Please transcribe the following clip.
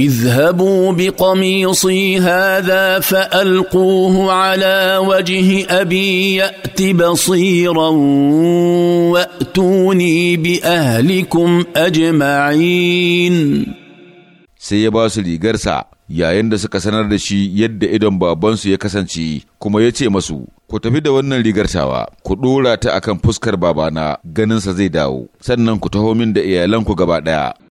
اذهبوا بقميصي هذا فالقوه على وجه ابي يات بصيرا واتوني باهلكم اجمعين sai ya ba su rigarsa yayin da suka sanar da shi yadda idon babansu ya kasance kuma ya ce masu ku tafi da wannan rigartawa, ku ɗora ta akan fuskar babana ganinsa zai dawo sannan ku taho min da iyalanku gaba ɗaya